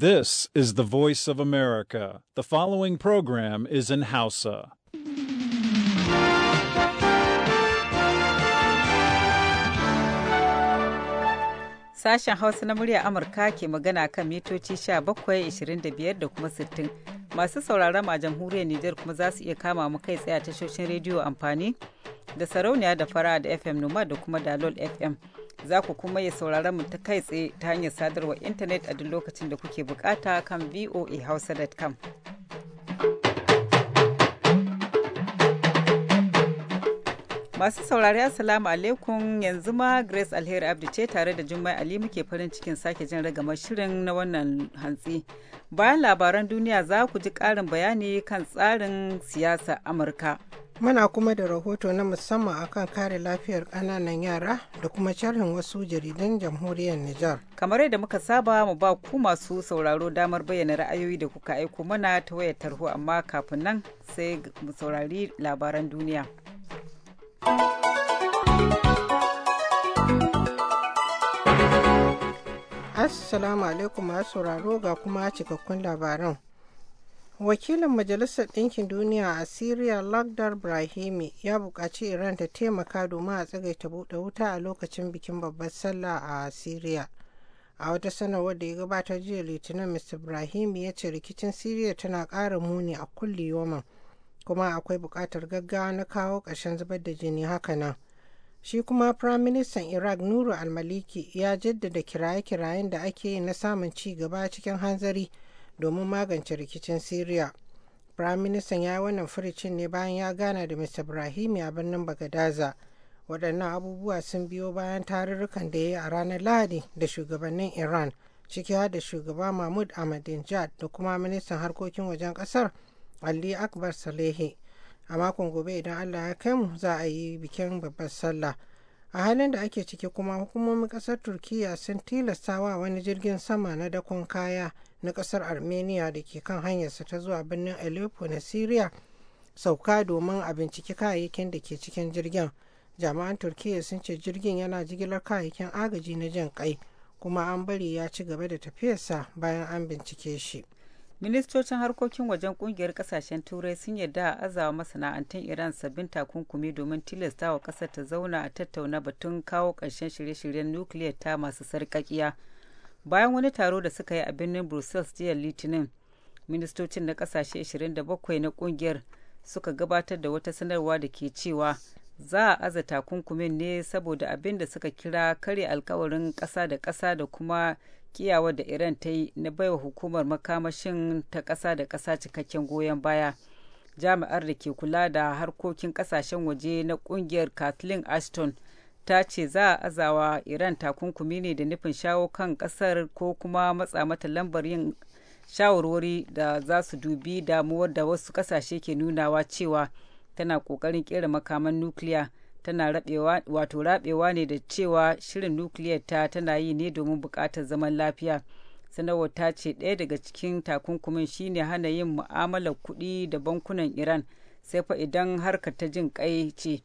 This is the voice of America. The following program is in Hausa. Sashen Hausa na murya Amurka ke magana kan mitoci 17, da kuma 60. Masu sauraron a jamhuriyar Nijar kuma za su iya kama mu kai tsaye tashoshin rediyo amfani da sarauniya da fara da FM Noma da kuma Dalol FM. za ku kuma ya saurara mu ta kai tsaye ta hanyar sadarwar intanet a duk lokacin da kuke bukata kan voahausa.com. Masu saurari Assalamu alaikum yanzu ma Grace Alheri abdu ce tare da Jummai Ali muke farin cikin sake jin ragamar shirin na wannan hantsi. Bayan labaran duniya za ku ji ƙarin bayani kan tsarin siyasa Amurka. Muna kuma da rahoto na musamman akan kare lafiyar ƙananan yara da kuma sharhin wasu jaridan jamhuriyar Nijar. Kamar yadda muka saba mu ba ku masu sauraro damar bayyana ra'ayoyi da kuka aiko mana ta wayar tarho amma kafin nan sai mu saurari labaran duniya. Assalamu alaikum masu sauraro ga kuma cikakkun labaran. wakilin majalisar ɗinkin duniya a syria lagdar brahimi ya buƙaci iran ta taimaka domin a tsagaita buɗe wuta a lokacin bikin babbar sallah a syria a wata sanarwar da ya gabata jiya litinin mr brahimi ya ce rikicin syria tana ƙara muni a kulli yoman kuma akwai buƙatar gaggawa na kawo ƙarshen zubar da jini hakanan shi kuma firaministan iraq nuru almaliki ya jaddada kiraye-kirayen da ake yi na samun ci gaba cikin hanzari domin magance rikicin Siriya. Firaministan ya yi wannan furicin ne bayan ya gana da Mr. Brahimi a birnin Bagadaza. Waɗannan abubuwa sun biyo bayan tarurrukan da ya yi a ranar Lahadi da shugabannin Iran, ciki har da shugaba Mahmud Ahmadinejad da kuma ministan harkokin wajen ƙasar Ali Akbar Salehi. A makon gobe idan Allah ya kai mu za a yi bikin babbar sallah. a halin da ake ciki kuma hukumomin kasar turkiya sun tilasta wa wani jirgin sama na dakon kaya na kasar armenia da ke kan hanyarsa ta zuwa birnin aleppo na syria sauka domin a binciki kayayyakin da ke cikin jirgin jami'an turkiyya sun ce jirgin yana jigilar kayayyakin agaji na jin kai kuma an bari ya ci gaba da tafiyarsa bayan an bincike shi ministocin harkokin wajen kungiyar kasashen turai sun yarda a azawa masana'antun iran sabbin takunkumi domin tilasta wa kasar ta zauna a tattauna batun kawo ƙarshen shirye-shiryen nukiliyar ta masu sarƙaƙiya bayan wani taro da suka yi a birnin brussels jiya litinin ministocin na kasashe 27 na kungiyar suka gabatar da wata sanarwa da ke cewa za a aza takunkumin ne saboda abin da suka kira kare alkawarin ƙasa da ƙasa da kuma kiyawa da iran ta yi na baiwa hukumar makamashin ta ƙasa da ƙasa cikakken goyon baya jami'ar da ke kula da harkokin ƙasashen waje na ƙungiyar kathleen ashton ta ce za a azawa iran takunkumi ne da nufin shawo kan kasar ko kuma matsa mata lambar yin shawarwari da za su dubi damuwar da wasu kasashe ke nunawa cewa tana kokarin kera makaman nukiliya tana rabewa wato rabewa ne da cewa shirin nukiliyar ta tana yi ne domin bukatar zaman lafiya sanarwar ta ce ɗaya daga cikin takunkumin shine hana yin mu'amalar kuɗi da bankunan iran sai fa idan harkar ta jin kai ce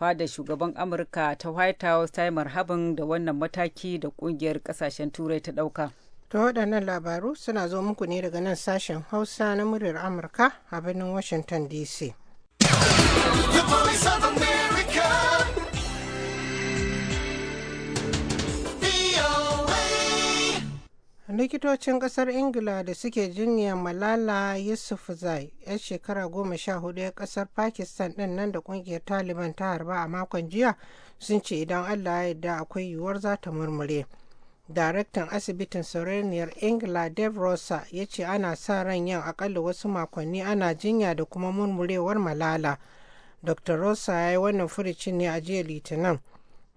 fadar shugaban amurka ta white house ta yi marhaban da wannan mataki da kungiyar kasashen turai ta dauka ta waɗannan labaru suna zo muku ne daga nan sashen hausa na muryar amurka a birnin washington dc likitocin kasar ingila da suke jinya malala yusuf zai yar shekara goma sha hudu ya kasar pakistan din nan da kungiyar taliban ta harba a makon jiya sun ce idan allah ya yarda akwai yiwuwar za ta murmure daraktan asibitin sereniyar ingila dave rosa ya ce ana sa ran yin akalla wasu makonni ana jinya da kuma murmurewar malala dr rosa ya yi wannan furicin ne a jiya litinin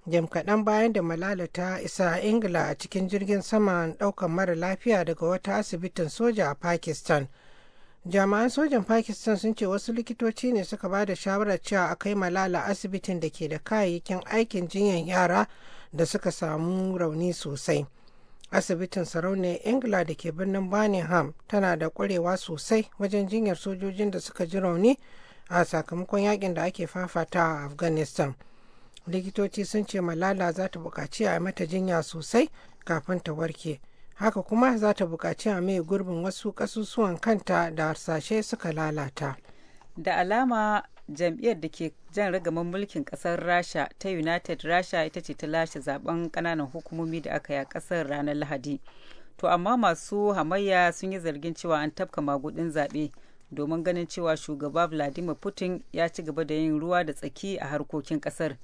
jam kaɗan bayan da malala ta isa ingila a cikin jirgin sama ɗaukar mara lafiya daga wata asibitin soja a pakistan jami'an sojan pakistan sun ce wasu likitoci ne suka ba da shawarar cewa a kai malala asibitin da ke da kayayyakin aikin jinyar yara da suka samu rauni sosai asibitin sarauniyar ingila da ke birnin birmingham tana da kwarewa sosai wajen jinyar sojojin da suka ji rauni a sakamakon yakin da ake fafata a afghanistan likitoci sun ce malala za ta bukaci a mata jinya sosai kafin ta warke haka kuma za ta buƙaci a mai gurbin wasu ƙasusuwan kanta da harsashe suka lalata da alama jam'iyyar da ke jan rigaman mulkin kasar rasha ta united rasha ita ce ta lashe zaben kananan hukumomi da aka yi a kasar ranar lahadi to amma masu hamayya sun yi zargin cewa an tafka magudin zaɓe domin ganin cewa shugaba vladimir putin ya ci gaba da yin ruwa da tsaki a harkokin kasar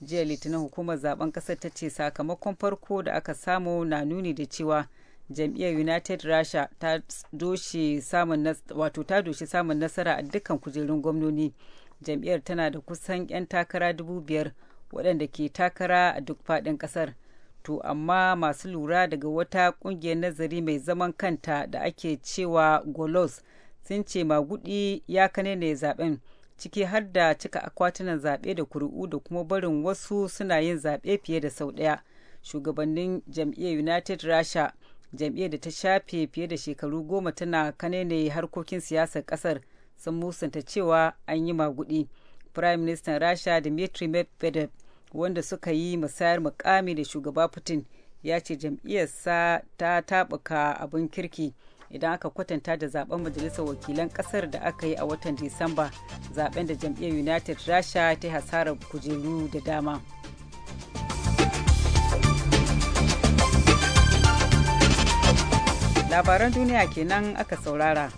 jiya litinin hukumar zaben kasar ta ce sakamakon farko da aka samu na nuni da cewa jam'iyyar united russia ta doshi samun wato ta doshi samun nasara a dukkan kujerun gwamnoni jam'iyyar tana da kusan 'yan takara dubu biyar waɗanda ke takara a duk faɗin ƙasar to amma masu lura daga wata ƙungiyar nazari mai zaman kanta da ake cewa golos sun ce magudi ya kane ne zaben ciki har da cika akwatunan zaɓe da kuri'u da kuma barin wasu suna yin zaɓe fiye da sau ɗaya shugabannin jam'iyyar united russia jam'iyyar da ta shafe fiye da shekaru goma tana kanene harkokin siyasar ƙasar sun musanta cewa an yi maguɗi prime minister Russia dmitry medvedev wanda suka yi musayar mukami da shugaba putin ya ce jam'iyyarsa ta taɓuka abin kirki idan aka kwatanta da zaben majalisar wakilan kasar da aka yi a watan disamba zaben da jam'iyyar united rasha ta hasarar kujeru da dama labaran duniya kenan aka saurara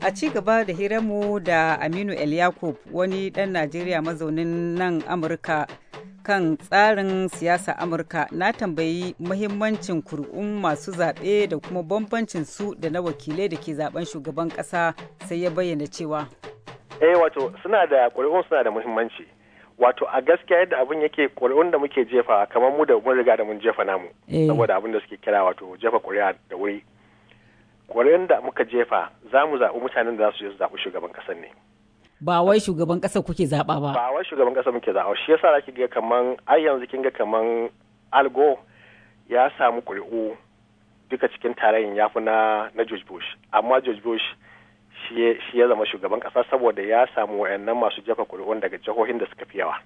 a ci gaba da hiramu da aminu el yakub wani dan najeriya mazaunin nan amurka kan tsarin siyasa amurka na tambayi muhimmancin kuri'un masu zaɓe da kuma bambancin su da na wakilai da ke zaben shugaban kasa sai ya bayyana cewa e wato suna da kuri'un suna da muhimmanci wato a gaskiya yadda abin yake kuri'un da muke jefa kamar mu da mun riga da mun jefa namu eh. saboda abin da suke kira wato jefa kuri'a da wuri kuri'un da muka jefa za mu zaɓi mutanen da za su je su zaɓi shugaban ƙasar ne ba wai shugaban kasa kuke zaɓa ba ba wai shugaban kasa muke zaba shi yasa zaki ga kaman ai yanzu kinga kaman algo ya samu kuri'u duka cikin tarayin ya fi na na George Bush amma George Bush shi ya zama shugaban kasa saboda ya samu wayannan masu jefa ƙuri'un daga jihohin da suka fi yawa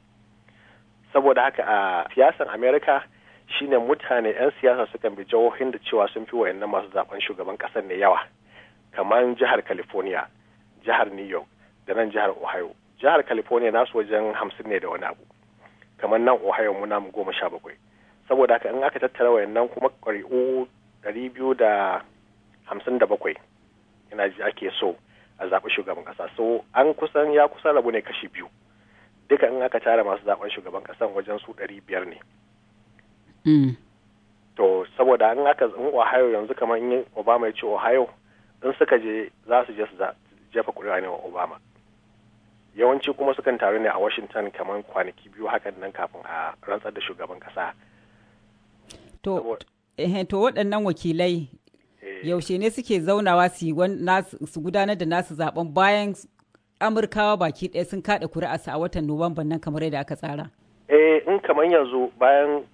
saboda haka a siyasan America shine mutane 'yan siyasa sukan bi jihohin da cewa sun fi wayannan masu zaben shugaban kasar ne yawa kamar jihar california jihar new york da nan jihar ohio jihar california nasu wajen hamsin ne da wani abu kamar nan ohio muna mu goma sha bakwai saboda haka in aka tattara nan kuma ƙuri'u ɗari biyu da hamsin da bakwai yana ji ake so a zaɓi shugaban ƙasa so an kusan ya kusan rabu ne kashi biyu duka in aka tara masu zaɓen shugaban ƙasan wajen su ɗari biyar ne hmm. to saboda in aka in ohio yanzu kamar in obama ya ce ohio in suka je za su je su jefa kuri'a ne wa obama yawanci kuma sukan taru ne a washington kamar kwanaki biyu hakan nan kafin a rantsar da shugaban kasa to eh, to waɗannan wakilai eh. yaushe ne suke zaunawa su gudanar da nasu zaben bayan amurkawa baki ɗaya sun kaɗa kuri'arsu a watan nuwamban nan kamar yadda aka tsara eh in kamar yanzu bayan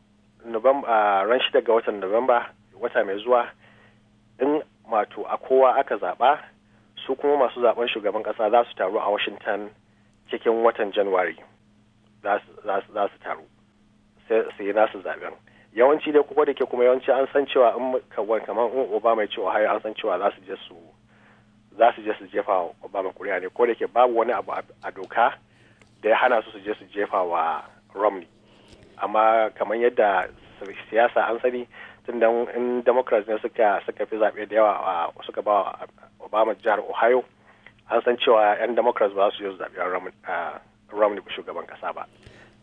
ran shida ga watan nuwamba wata mai zuwa in mato a kowa aka zaɓa su kuma masu zaben shugaban ƙasa za su taru a washington cikin watan januwari za su taru sai yi su zaben yawanci dai kuma da ke kuma yawanci an san cewa in kawai kamar in obama ya ce ohio an san cewa za su je su jefa wa jefa obama kuri'a ne ko da ke babu wani abu a doka da ya hana su su je su jefa wa romney amma kamar yadda siyasa an sani tun da in democrats ne suka fi zaɓe da yawa suka ba wa obama jihar ohio an san cewa 'yan democrats ba su yi zaɓen romney shugaban kasa ba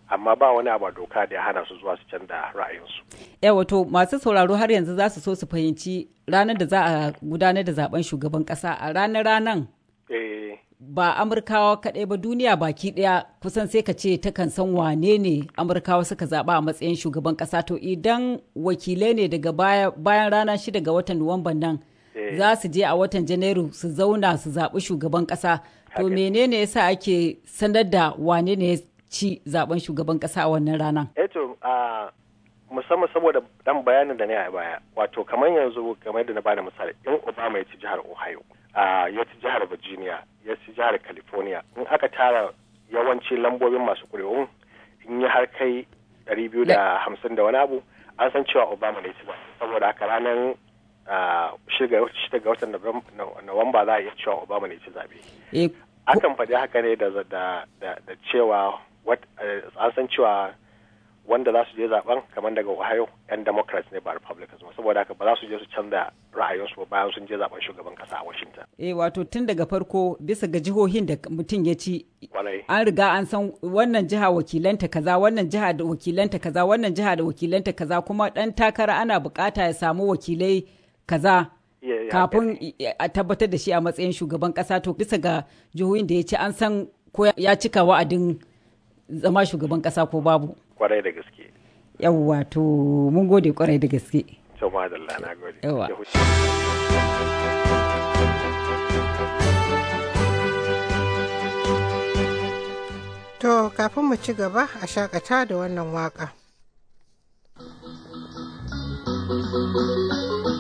amma ba wani abu doka da ya hana su zuwa su canza ra'ayinsu. ya eh, wato masu sauraro har yanzu za su so su fahimci ranar da za a gudanar da zaben shugaban kasa a ranar ranan eh. ba amurkawa kaɗai ba duniya baki ɗaya kusan sai ka ce ta kan san wane ne amurkawa suka zaɓa a matsayin shugaban ƙasa to idan wakilai ne daga bayan rana shida ga watan nuwamban nan za su je a watan janairu su zauna su zaɓi shugaban ƙasa to menene yasa ake sanar da wane ne ya ci zaɓen shugaban ƙasa a wannan rana eto eh musamman saboda dan bayanin da ne a baya wato kamar yanzu kamar da na bada misali in obama ya ci jihar ohio ya ci jihar virginia ya ci jihar california in aka tara yawanci lambobin masu ƙuri'un in yi har kai 250 biyu da wani abu an san cewa obama ne ci ba saboda haka ranar shiga watan Nuwamba za a iya cewa Obama ne ci zaɓe. Eh, Akan faɗi haka ne da cewa eh, an san cewa wanda za su je zaben kamar daga Ohio yan democrat ne ba Republicans ba saboda haka ba za su je su canza ra'ayinsu ba bayan sun je zaben shugaban kasa a Washington. Eh wato tun daga farko bisa ga jihohin da mutum ya ci an riga an san wannan jiha wakilanta kaza wannan jiha da wakilanta kaza wannan jiha da wakilanta kaza kuma dan takara ana bukata ya samu wakilai kaza kafin a tabbatar da shi a matsayin shugaban kasa to bisa ga jihohin da ya ci an san ko ya cika wa'adin zama shugaban kasa ko babu kwarai da gaske yawwa to mun gode kwarai da gaske To kafin mu ci gaba a shakata da wannan waka.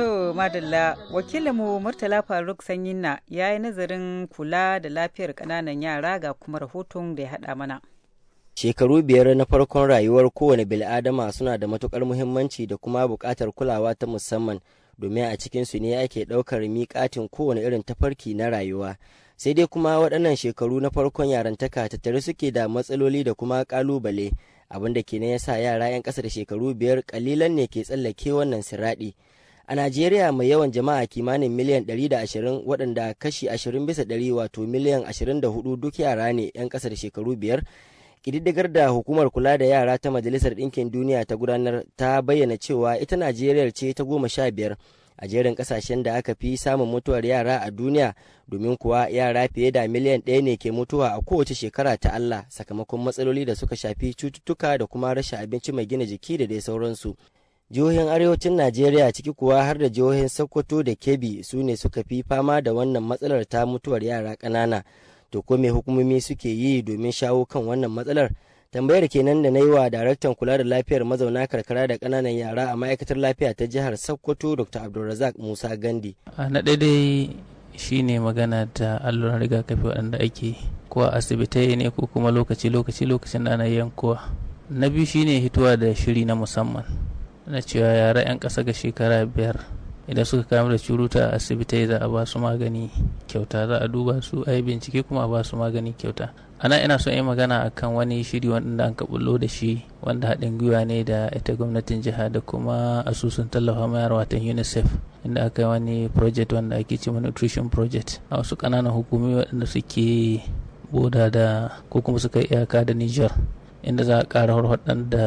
To Madalla, wakilinmu Murtala Faruk na ya yi nazarin kula da lafiyar kananan yara ga kuma rahoton da ya haɗa mana. Shekaru biyar na farkon rayuwar kowane bil'adama suna da matukar muhimmanci da kuma buƙatar kulawa ta musamman domin a cikinsu ne ake ɗaukar miƙatin kowane irin tafarki na rayuwa. Sai dai kuma waɗannan shekaru na farkon yarantaka tattare suke da matsaloli da kuma ƙalubale abin da ke ya sa yara 'yan ƙasa da shekaru biyar ƙalilan ne ke tsallake wannan siraɗi. A Najeriya mai yawan jama'a kimanin miliyan 120 waɗanda kashi 20 bisa ɗari wato miliyan 24 duk yara ne 'yan ƙasar shekaru biyar. Ƙididdigar da hukumar kula da yara ta Majalisar Ɗinkin Duniya ta gudanar ta bayyana cewa ita Najeriya ce ta goma sha biyar a jerin ƙasashen da aka fi samun mutuwar yara a duniya domin kuwa yara fiye da miliyan ɗaya ne ke mutuwa a kowace shekara ta Allah sakamakon matsaloli da suka shafi cututtuka da kuma rashin abinci mai gina jiki da dai sauransu. jihohin arewacin najeriya ciki kuwa har da jihohin sokoto da kebbi su ne suka fi fama da wannan matsalar ta mutuwar yara ƙanana to ko me hukumomi suke yi domin shawo kan wannan matsalar tambayar kenan da na yi wa daraktan kula da lafiyar mazauna karkara da ƙananan yara a ma'aikatar lafiya ta jihar sokoto dr abdulrazak musa gandi na daidai shine magana ta alluran rigakafi waɗanda ake ko a asibitai ne ko kuma lokaci lokaci lokacin da ana yankowa na biyu shine hituwa da shiri na musamman na cewa yara 'yan ƙasa ga shekara biyar idan suka kamu da curuta a asibitai za a ba su magani kyauta za a duba su a yi bincike kuma a ba su magani kyauta ana ina son yi magana akan wani shiri wanda an kabullo da shi wanda haɗin gwiwa ne da ita gwamnatin jiha da kuma asusun tallafa mayar watan unicef inda aka yi wani project wanda ake ce nutrition project a wasu ƙananan hukumi waɗanda suke boda da ko kuma suka iyaka da niger inda za a ƙara horhaɗar da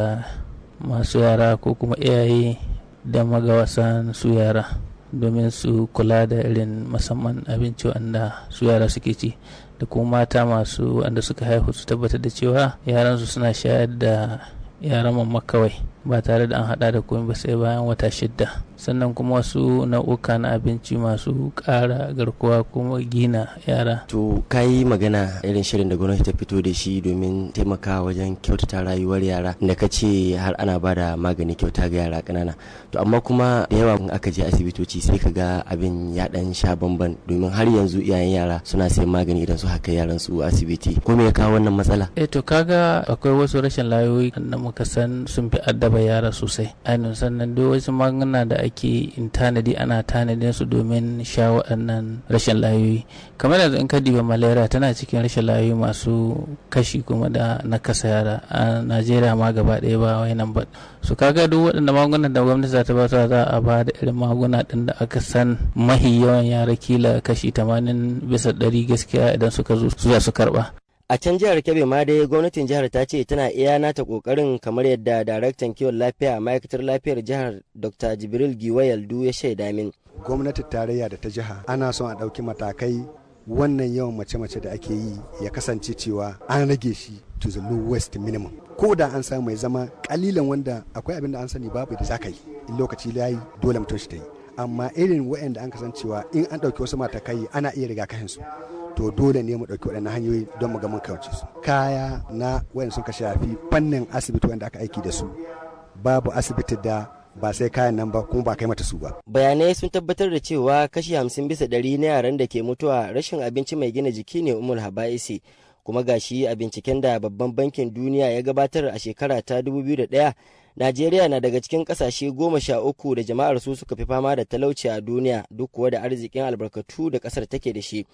masu yara ko kuma iyaye da magawasan su yara domin su kula da irin musamman abinci wanda su yara suke ci da kuma mata masu wanda suka haihu su tabbatar da cewa yaransu suna shayar da yaran mamma kawai ba tare da an hada da komai ba sai bayan wata shidda sannan kuma wasu nau'uka na abinci masu kara garkuwa kuma gina yara to kai magana irin shirin da gwamnati ta fito da shi domin taimakawa wajen kyautata rayuwar yara da ka ce har ana ba da magani kyauta ga yara kanana to amma kuma da yawa in aka je asibitoci sai ka ga abin ya dan sha bamban domin har yanzu iyayen yara suna sayan magani idan su haka yaran su asibiti ko me ya kawo wannan matsala eh to kaga akwai wasu rashin layoyi da muka san sun fi addaba gaba yara sosai ainihin sannan duk wasu magunguna da ake tanadi ana tanadin su domin sha waɗannan rashin layoyi kamar yanzu in ka diba malaria tana cikin rashin layoyi masu kashi kuma da na kasa yara a najeriya ma gaba ɗaya ba wai nan ba su kaga duk waɗanda magunguna da gwamnati za ta ba za a ba da irin magunguna ɗin da aka san mahi yawan yara kila kashi tamanin bisa ɗari gaskiya idan suka zo su za su karɓa a can jihar kebe ma dai gwamnatin jihar ta ce tana iya nata kokarin kamar yadda daraktan kiwon lafiya ma'aikatar lafiyar jihar dr jibril giwayaldu ya shaida min gwamnatin tarayya da ta jiha ana son a ɗauki matakai wannan yawan mace-mace da ake yi ya kasance cewa an rage shi to the lowest minimum ko da an samu mai zama kalilan wanda akwai abin da an sani babu da za ka yi in lokaci layi dole mutum shi ta yi amma irin waɗanda an kasancewa in an ɗauki wasu matakai ana iya riga kahin su to dole ne mu ɗauki waɗannan hanyoyi don mu ga mun kawance su kaya na sun ka shafi fannin asibiti wanda aka aiki da su babu asibiti da ba sai kayan nan ba kuma ba kai mata su ba. Bayanai sun tabbatar da cewa kashi hamsin bisa ɗari na yaran da ke mutuwa rashin abinci mai gina jiki ne umar haba'isi kuma gashi a binciken da babban bankin duniya ya gabatar a shekara ta 2001 Najeriya na daga cikin kasashe goma sha uku da jama'ar su suka fi fama da talauci a duniya duk kuwa da arzikin albarkatu da kasar take da shi.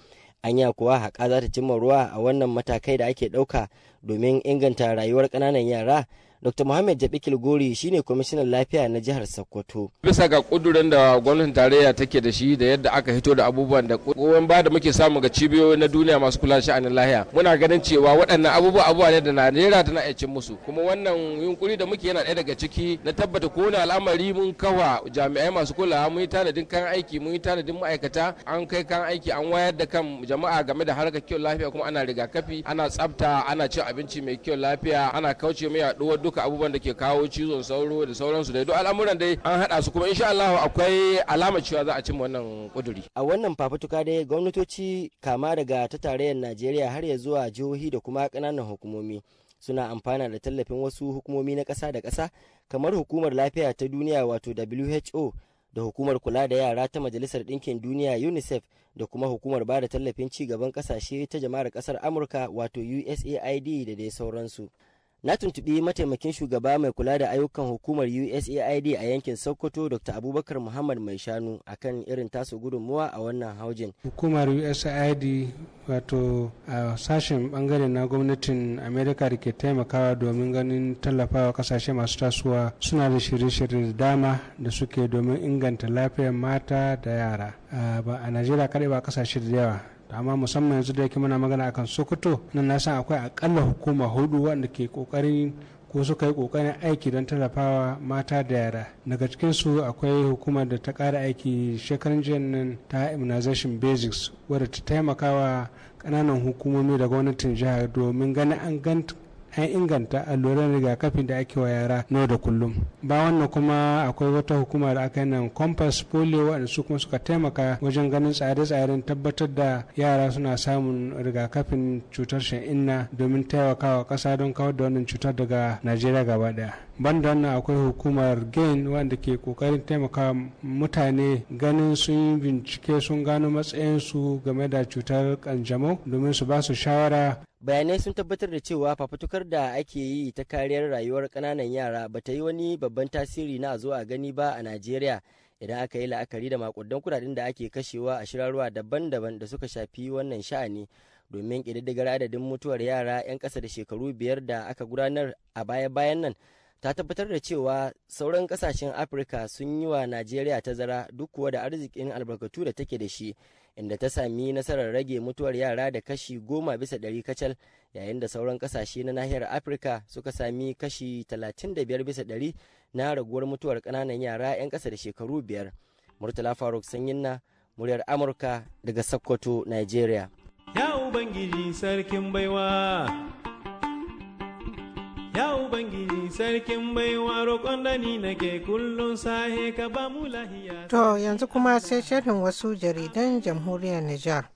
Anya kuwa haƙa za ta cimma ruwa a wannan matakai da ake ɗauka domin inganta rayuwar ƙananan yara Dr. Muhammad Jabi Kilgori shine kwamishinan lafiya na jihar Sokoto. Bisa ga kudurin da gwamnatin tarayya take da shi da yadda aka hito da abubuwan da kowan ba da muke samu ga cibiyoyi na duniya masu kula da sha'anin lahiya. Muna ganin cewa waɗannan abubuwa abubuwa ne da Najeriya tana iya musu. Kuma wannan yunkuri da muke yana ɗaya daga ciki na tabbata ko na al'amari mun kawa jami'ai masu kulawa mun yi tanadin kan aiki mun yi tanadin ma'aikata an kai kan aiki an wayar da kan jama'a game da harkar kiwon lafiya kuma ana rigakafi ana tsafta ana cin abinci mai kiwon lafiya ana kauce mai yaɗuwar duka abubuwan da ke kawo cizon sauro da sauransu da duk al'amuran dai an haɗa su kuma insha Allah akwai alamar cewa za a cimma wannan kuduri. A wannan fafutuka dai gwamnatoci kama daga ta tarayyar Najeriya har ya zuwa jihohi da kuma kananan hukumomi suna amfana da tallafin wasu hukumomi na kasa da kasa kamar hukumar lafiya ta duniya wato WHO da hukumar kula da yara ta majalisar ɗinkin duniya unicef da kuma hukumar ba da tallafin ci gaban ƙasashe ta jama'ar ƙasar amurka wato usaid da dai sauransu na tuntuɓi mataimakin shugaba mai kula da ayyukan hukumar usaid a yankin sokoto dr abubakar muhammad mai shanu akan irin tasu gudunmuwa a wannan haujin hukumar usaid wato a sashen bangare na gwamnatin america da ke taimakawa domin ganin tallafawa kasashe masu tasowa suna da shirye-shirye da dama da suke domin inganta lafiyar mata da yara ba a najeriya kaɗai ba kasashe da yawa amma musamman yanzu da yake muna magana akan sokoto nan na san akwai akalla hukuma hudu wanda ke kokarin ko suka yi kokarin aiki don tallafawa mata da yara daga cikin su akwai hukumar da ta kara aiki shekarun jiya nan ta immunization basics wadda ta taimakawa kananan hukumomi da gwamnatin jihar domin ganin an ganta. an inganta alluran rigakafin da ake wa yara na da kullum ba wannan kuma akwai wata hukuma da aka nan compass polio waɗanda su kuma suka taimaka wajen ganin tsare-tsaren tabbatar da yara suna samun rigakafin cutar shan'inna domin taimakawa ƙasa don kawar da wannan cutar daga najeriya gaba daya. banda akwai hukumar gain wanda ke kokarin taimaka mutane ganin sun yi bincike sun gano matsayinsu game da cutar kanjamau domin su ba su shawara bayanai sun tabbatar da cewa fafutukar da ake yi ta kariyar rayuwar kananan yara ba ta yi wani babban tasiri na zuwa a gani ba a najeriya idan aka yi la'akari da makudan kudaden da ake kashewa a shirarwa daban-daban da suka shafi wannan sha'ani domin ƙididdigar adadin mutuwar yara 'yan ƙasa da shekaru biyar da aka gudanar a baya-bayan nan ta tabbatar da cewa sauran kasashen afirka sun yi wa najeriya tazara duk kuwa da arzikin albarkatu da take da shi inda ta sami nasarar rage mutuwar yara da kashi goma bisa ɗari kacal yayin da sauran kasashe na nahiyar afirka suka sami kashi talatin da biyar bisa ɗari na raguwar mutuwar ƙananan yara 'yan ƙasa da shekaru biyar murtala faruk sanyin na muryar amurka daga sokoto nigeria ya ubangiji sarkin baiwa Ya Ubangiji sarkin baiwa roƙon da ni nake kullum sahe ka ba mu lahiya. To yanzu kuma sai sharhin wasu jaridan jamhuriyar Nijar.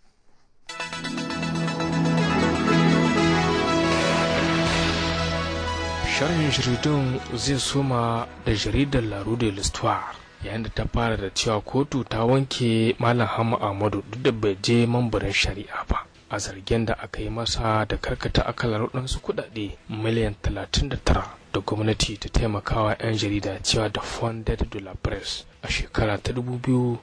Sharhin jaridun zai suma da jaridar Laru de l'Histoire. yayin da ta fara da cewa kotu ta wanke malam hama amadu duk da bai je mambarin shari'a ba a zargin da aka yi masa da karkata akalar waɗansu kuɗaɗe miliyan 39 da gwamnati ta taimakawa 'yan jarida cewa da funded de la press a shekara ta 2001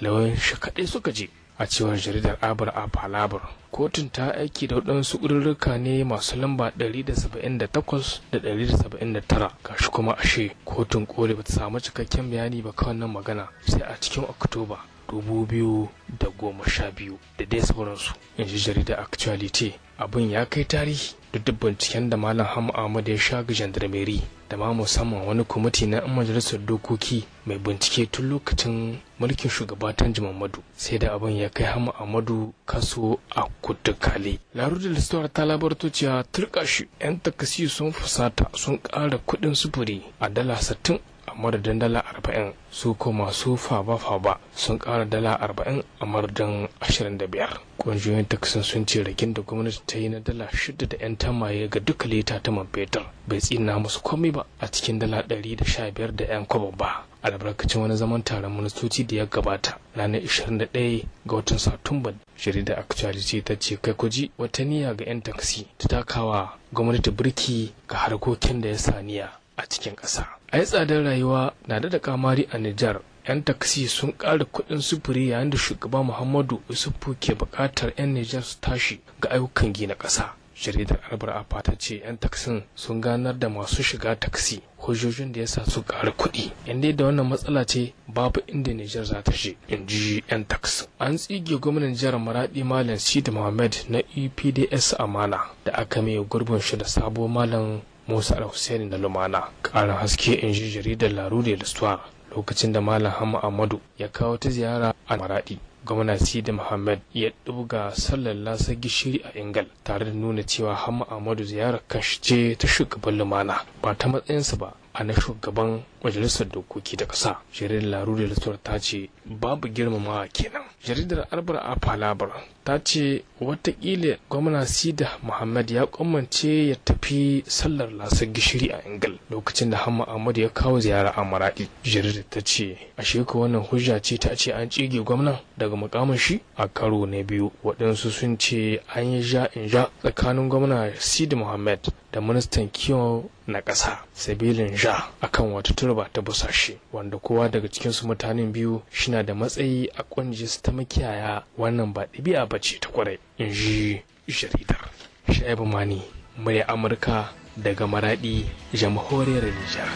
lawan shi kaɗai suka je a cewar jaridar abar palabar kotun ta aiki da waɗansu ƙudurruka ne masu lamba 178 da 179 kuma ashe kotun kore ba ta samu cikakken bayani ba kawai nan magana sai a cikin oktoba 2012 da dai sauransu in ji jarida actuality abin ya kai tarihi duk da binciken da malam ham ahmad ya sha ga gendarmerie da ma musamman wani kwamiti na majalisar dokoki mai bincike tun lokacin mulkin shugaba tanji mamadu sai da abin ya kai hama ahmadu kaso a kudukale laru da listuwar ta labarto cewa turkashi yan takasi sun fusata sun ƙara kudin sufuri a dala sittin madadin dala arba'in su ko masu faba-faba sun ƙara dala arba'in a madadin ashirin da biyar ƙungiyoyin taksin sun ce rikin da gwamnati ta yi na dala shida da 'yan tamaye ga duka lita ta man fetur bai tsina musu komai ba a cikin dala ɗari da sha biyar da 'yan kwabo ba albarkacin wani zaman taron ministoci da ya gabata ranar ɗaya ga watan satumban shirida actuality ta ce kai ku ji wata niyya ga 'yan taksi ta takawa gwamnati birki ga harkokin da ya saniya a cikin ƙasa a yi tsadar rayuwa na da kamari a nijar 'yan taksi sun ƙara kuɗin sufuri yayin da shugaba muhammadu usufu ke buƙatar 'yan nijar su tashi ga ayyukan gina ƙasa jaridar albar afa ta ce 'yan taksin sun ganar da masu shiga taksi hujjojin da ya sa su ƙara kuɗi inda da wannan matsala ce babu inda Nijar za ta je in ji 'yan taksi an tsige gwamnan jihar maraɗi Malam Sidi Mohammed na EPDS Amana da aka mai gurbin shi da sabo Malam musa al-hussein da lumana ƙarin haske in ji jaridar larude da lokacin da malam hama amadu ya kawo ta ziyara a maradi gwamna sidi muhammad ya ɗuga sallar lasa gishiri a ingal tare da nuna cewa hama amadu ziyarar kashi ce ta shugaban lumana ba ta matsayinsa ba a na shugaban majalisar dokoki ta ƙasa jaridar larure littor ta ce babu girmama kenan jaridar arbar afalabar ta ce watakila gwamna sida muhammad ya kwamance ya tafi sallar lasar gishiri a ingal lokacin da hamma ahmad ya kawo ziyara a maradi jaridar ta ce a wannan hujja ce ta ce an tsige gwamna daga mukamin shi a karo na biyu waɗansu sun ce an yi ja in ja tsakanin gwamna sidi muhammad da ministan kiwo na ƙasa sabilin ja kan wata turba ta busashe wanda kowa daga cikinsu mutanen biyu shina da matsayi a su ta makiyaya wannan ba ɗabi'a ba ce ta kwarai in ji jaridar shaibu mani murya amurka daga maraɗi jamhuriyar nijar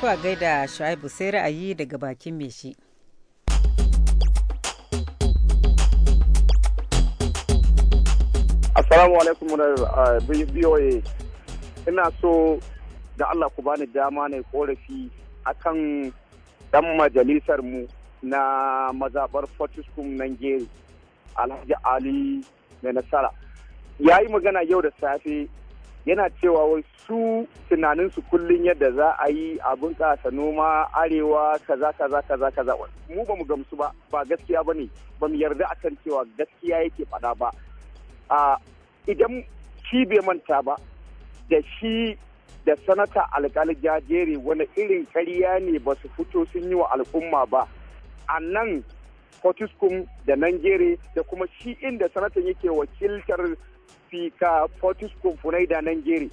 to a gaida shaibu sai ra'ayi daga bakin mai shi Salamu alaikum uh, BOA. Ina so da Allah ku bani dama ne korafi kan dan majalisar mu na mazabar Fortiskum Nangeri Alhaji Ali mai nasara. Ya yi magana yau da safe yana cewa wai su tunaninsu kullum yadda za a yi a bunƙasa noma arewa kaza kaza kaza kaza mu ba mu gamsu ba ba gaskiya ba ne ba mu yarda akan cewa gaskiya yake faɗa ba idan shi bai manta ba da shi da sanata alkali jajere wani irin kariya ne ba su fito sun yi wa al'umma ba a nan fortiskum da nangere da kuma shi inda sanatan yake wakiltar fika fortiskum funai da nangere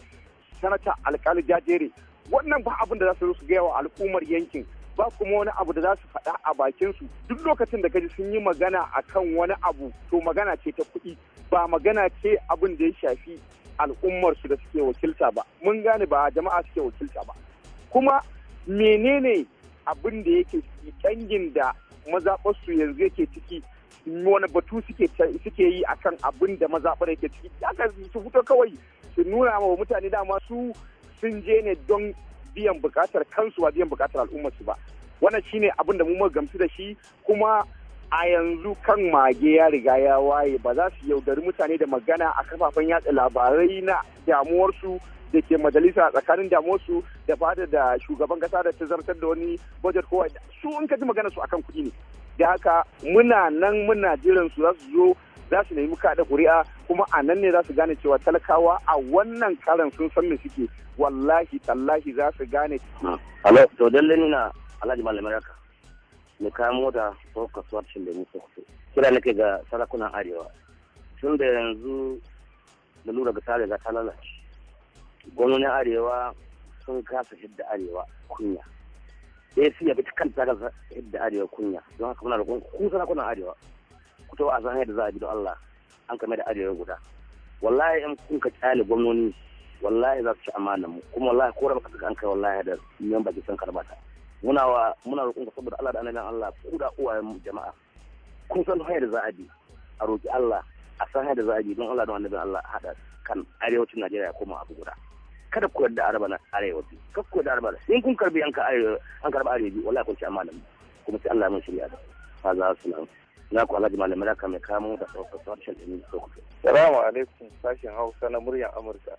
sanata alkali jajere wannan ba abin da za su gaya wa al'ummar yankin ba kuma wani abu da za su faɗa a bakinsu duk lokacin da kaji sun yi magana a kan wani abu to magana ce ta kuɗi ba magana ce abin da ya shafi al'ummarsu da suke wakilta ba mun gane ba jama'a suke wakilta ba kuma menene abin da yake kangin da mazaɓarsu yanzu yake ciki wani batu suke yi akan abin da mazaɓar yake ciki ya su fito kawai su nuna wa mutane dama su sun je ne don biyan bukatar kansu ba biyan bukatar al'ummarsu ba wannan shine abin da mu muka gamsu da shi kuma a yanzu kan mage ya riga ya waye ba za su yaudari mutane da magana a kafafen yatsa labarai na damuwarsu da ke majalisa tsakanin damuwarsu da fada da shugaban kasa da ta zartar da wani budget kowa su in ka ji magana su akan kuɗi ne da haka muna nan muna jiran su za su zo za su nemi kaɗa ƙuri'a kuma a nan ne za su gane cewa talakawa a wannan karan sun san me suke wallahi tallahi za su gane. Alo, to dalle lani na Alhaji Malam Amerika. Ni kayan mota ko kasuwar cin musu kusa. Kira nake ga sarakunan Arewa. Tun da yanzu da lura ga tare ga ta lalace. Arewa sun kasa hidda Arewa kunya. Ɗaya siya bi ta kanta ga hidda Arewa kunya. Don haka muna da kusa sarakunan Arewa. fito a san da za a bi don Allah an kame da arewa guda wallahi in kun ka tsali gwamnoni wallahi za su ci amana mu kuma wallahi ko raba ka an kai wallahi da miyan baki san karbata muna wa muna roƙon ka saboda Allah da annabin Allah ku da uwayen jama'a kun san hanyar da za a bi a roƙi Allah a san hanyar da za a bi don Allah da annabin Allah hada kan arewacin Najeriya ya koma abu guda kada ku yarda araba na arewa bi kada ku yarda araba in kun karbi an ka arewa an karba arewa bi wallahi kun ci amana mu kuma sai Allah mun shirya da fa za su nan na ku alhaji malamai da kame kamo da ɗin salamu alaikum sashen hausa na muryar amurka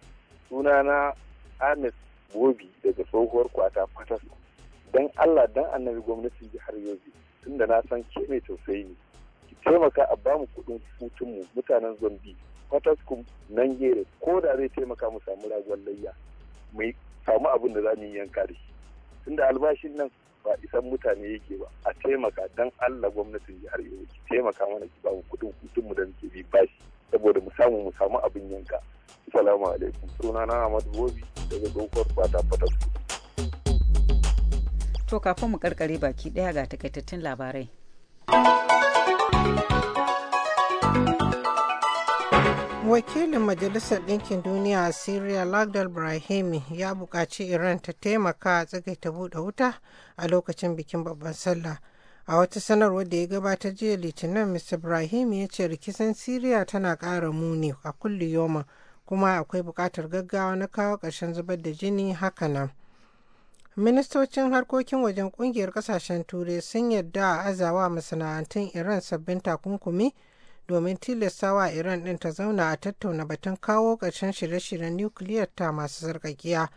suna na ahmed bobi daga tsohuwar kwata fatas dan allah dan annabi gwamnatin jihar yobe tunda na san ke mai tausayi ne ki taimaka a bamu kuɗin hutunmu mutanen zombi fataskum nan gere ko da zai taimaka mu samu ragon layya mai samu abin da za mu yi yanka da shi tunda albashin nan ba isan mutane yake ba a taimaka dan Allah gwamnatin jihar Yobe ki taimaka mana ki bamu kudin hutun mu da muke bi bashi saboda mu samu mu samu abin yanka assalamu alaikum sunana Ahmad Bobi daga Dokor Bata Fatasku to kafin mu karkare baki daya ga takaitattun labarai wakilin majalisar ɗinkin duniya a syria lagdal brahimi ya buƙaci iran ta taimaka a ta buɗe wuta a lokacin bikin babban sallah a wata sanarwar da ya gabatar jiya litinin mr brahimi ya ce rikisan syria tana ƙara muni a kulle yoma kuma akwai buƙatar gaggawa na kawo ƙarshen zubar da jini haka nan ministocin harkokin wajen ƙungiyar ƙasashen turai sun yarda a azawa masana'antun iran sabbin takunkumi domin tilastawa Iran din ta zauna a tattauna batun kawo ƙarshen shirye-shiryen nukiliyar ta masu sarƙaƙiya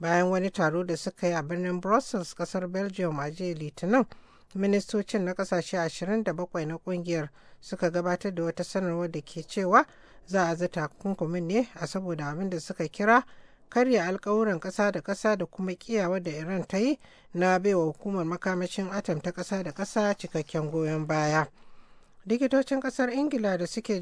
bayan wani taro da suka yi a birnin Brussels kasar Belgium a jiya Litinin. Ministocin na kasashe 27 na kungiyar suka gabatar da wata sanarwar da ke cewa za a zata takunkumin ne a saboda abin da suka kira karya alkawuran kasa da kasa da kuma kiyawa da Iran ta yi na baiwa hukumar makamashin atom ta kasa da kasa cikakken goyon baya. likitocin kasar ingila da suke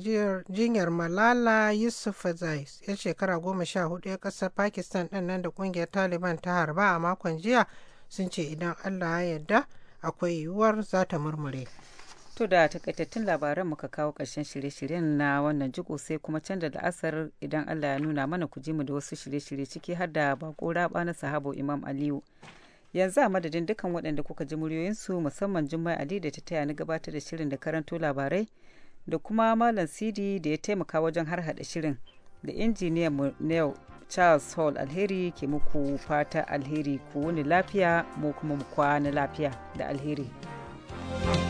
jinyar malala yousafzai ya shekara goma sha hudu ya kasar pakistan din nan da kungiyar taliban ta harba a makon jiya sun ce idan allah ya yarda akwai yiwuwar za ta murmure to da takaitattun labaran muka kawo karshen shirye-shiryen na wannan jiko sai kuma canza da asar idan allah ya nuna mana ku ji mu da wasu shirye-shirye ciki har da bako raba na sahabo imam aliyu yanzu a madadin dukkan waɗanda kuka ji muryoyinsu musamman jummai ali da ta taya ni gabatar da shirin da karanto labarai da kuma malam sidi da ya taimaka wajen harhaɗa shirin da injiniyan mu yau charles hall alheri ke muku fata alheri ku wuni lafiya mu kuma mu kwana lafiya da alheri. thank you